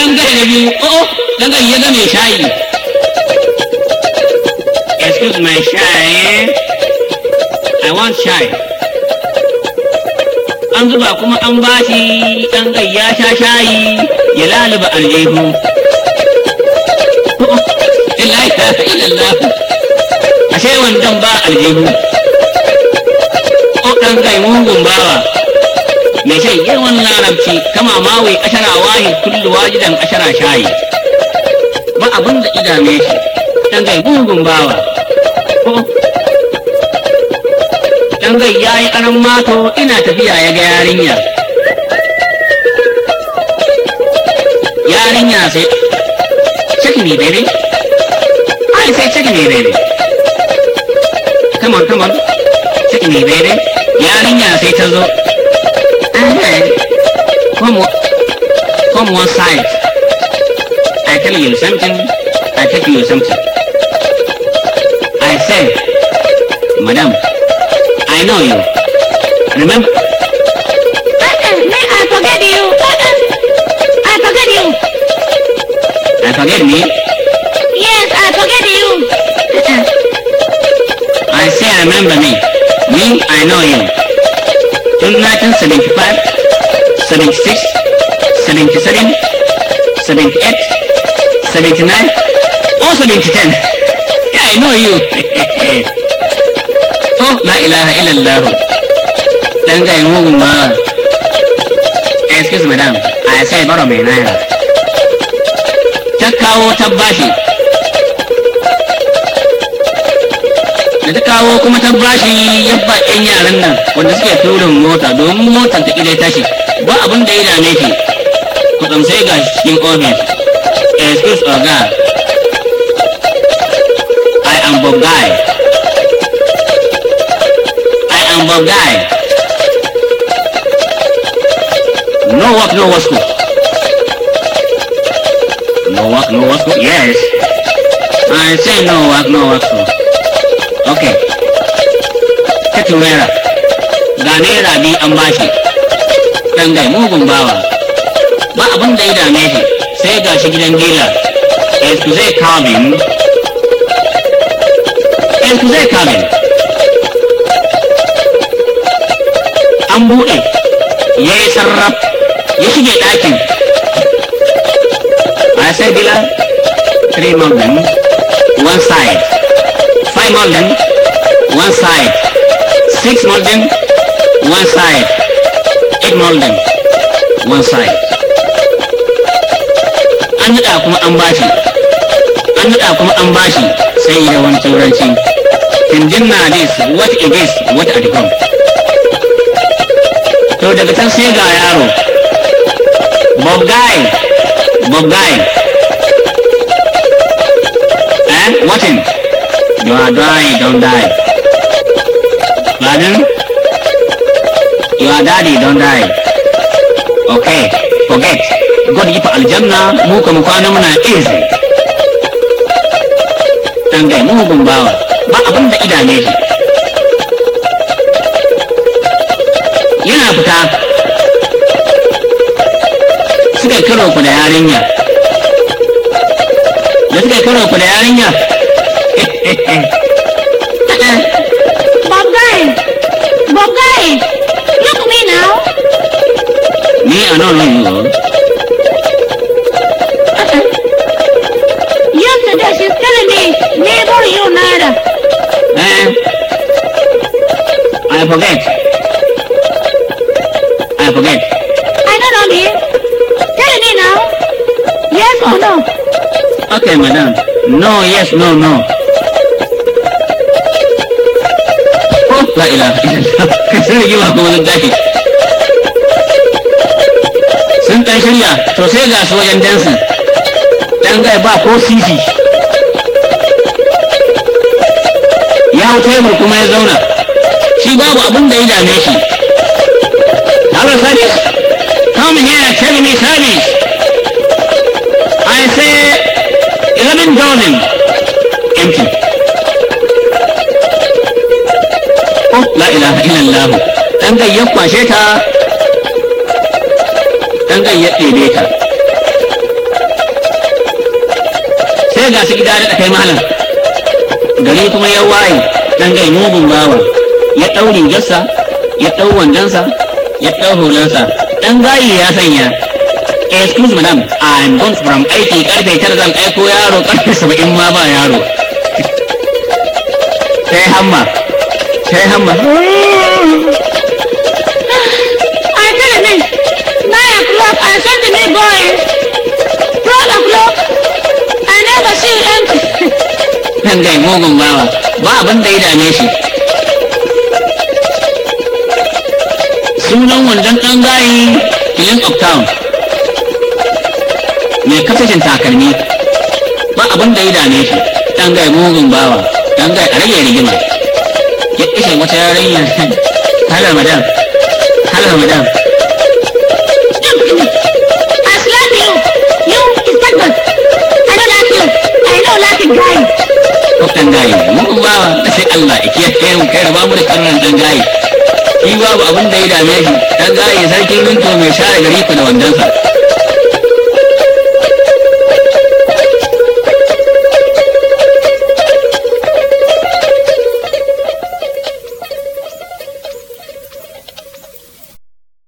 bangare na biyu o oh, oh, daga ya ga mai shayi excuse my shy i want shy an zuba kuma an bashi dan gayya sha shayi ya lalaba aljihu oh, ashe wandan ba aljihu o dan gai mungun bawa ya ce wannan larabci kama mawai ashara wahi kullu wajidan ashara shayi ba abin da idame shi dan zai gungun bawa dan zai yayi karan mato ina tafiya ya ga yarinya yarinya sai cikin ne bebe ai sai cikin ne bebe come on come on ciki ne bebe yarinya sai ta zo come on, side. I tell you something, I tell you something. I say, Madam, I know you. Remember? I forget you. I forget you. I forget me? Yes, I forget you. I say, remember me. Me, I know you. in 1975, 76, 77, 78, 79, also 1910. I know you. oh, la ilaha illallah. Then they move on. Excuse me, madam. I say, borrow me now. Takao Tabashi. da ta kawo kuma ta bashi yabba ɗan yaran nan wanda suke turin mota domin motar ta ƙidai tashi ba abin da ya dame shi kudin sai ga cikin ofis excuse oga i am bob guy i am bob guy no work no work no work no work yes i say no work no work Okay. Ta turera. Ga naira biyu an bashi. Dangai mugun bawa. Ba abin da ya dame shi sai ga shi gidan dila. Yanzu zai kawo mu. Yanzu zai kawo An buɗe. Ya yi sarraf. Ya shige ɗakin. I say, Dila, three movement, one side. molding, one side. Six molding, one side. Eight molding, one side. An naɗa kuma an bashi. An naɗa kuma an bashi sai ya wani turanci. Condemn this, what it is, what I become. To daga can sai ga yaro. Bob Guy, Bob Guy. Eh, what in? You are dying, don't die. Pardon? You are daddy, don't die. Okay, forget. God yi fa aljanna mu kuma kwana muna easy. Tangai mu gumbawa ba abin da idane shi. Yana fita suka karo ku da yarinya. Da suka karo ku da yarinya Bogey! Bogey! Look me now! Me? I know no, no. You today, she's telling me, neighbor, you not. Eh? I forget. I forget. I don't know me. Tell me now. Yes or no? Okay, madam. No, yes, no, no. la ilaha illallah sun rigima kuma sun ɗan shirya to sai ga su wajen dansi ɗan gai ba ko sisi ya wuce mu kuma ya zauna shi babu abin da ya dame shi Allah service come here tell me service I say eleven dozen ilaha illallah dan ga ya kwashe ta dan ga ya ɗebe ta sai ga shi gidare da kai malam gari kuma ya waye dan kai mugun bawa ya ɗau rigarsa ya dau ɗau sa ya dau hulan sa dan gayi ya sanya excuse madam i'm going from aiki karfe tara zan kai ko yaro karfe 70 ma ba yaro sai hamma క్షేమమ్మ Thằng này mugun bawa, ba abin da ya dame shi. Sunan wandan ɗan gayi filin uptown. Mai kafashin takalmi, ba abin da ya dame shi, ɗan gayi mugun bawa, ɗan gayi a rage mà. ya kishin wata yarinya halar madam halar madam Kwaftan gayi, mun bawa sai Allah ikiyar kai mu kai raba da karnan dan gayi. Shi babu abin da ya dame shi, dan gaye sarkin rinto mai share gari ku da wandonsa.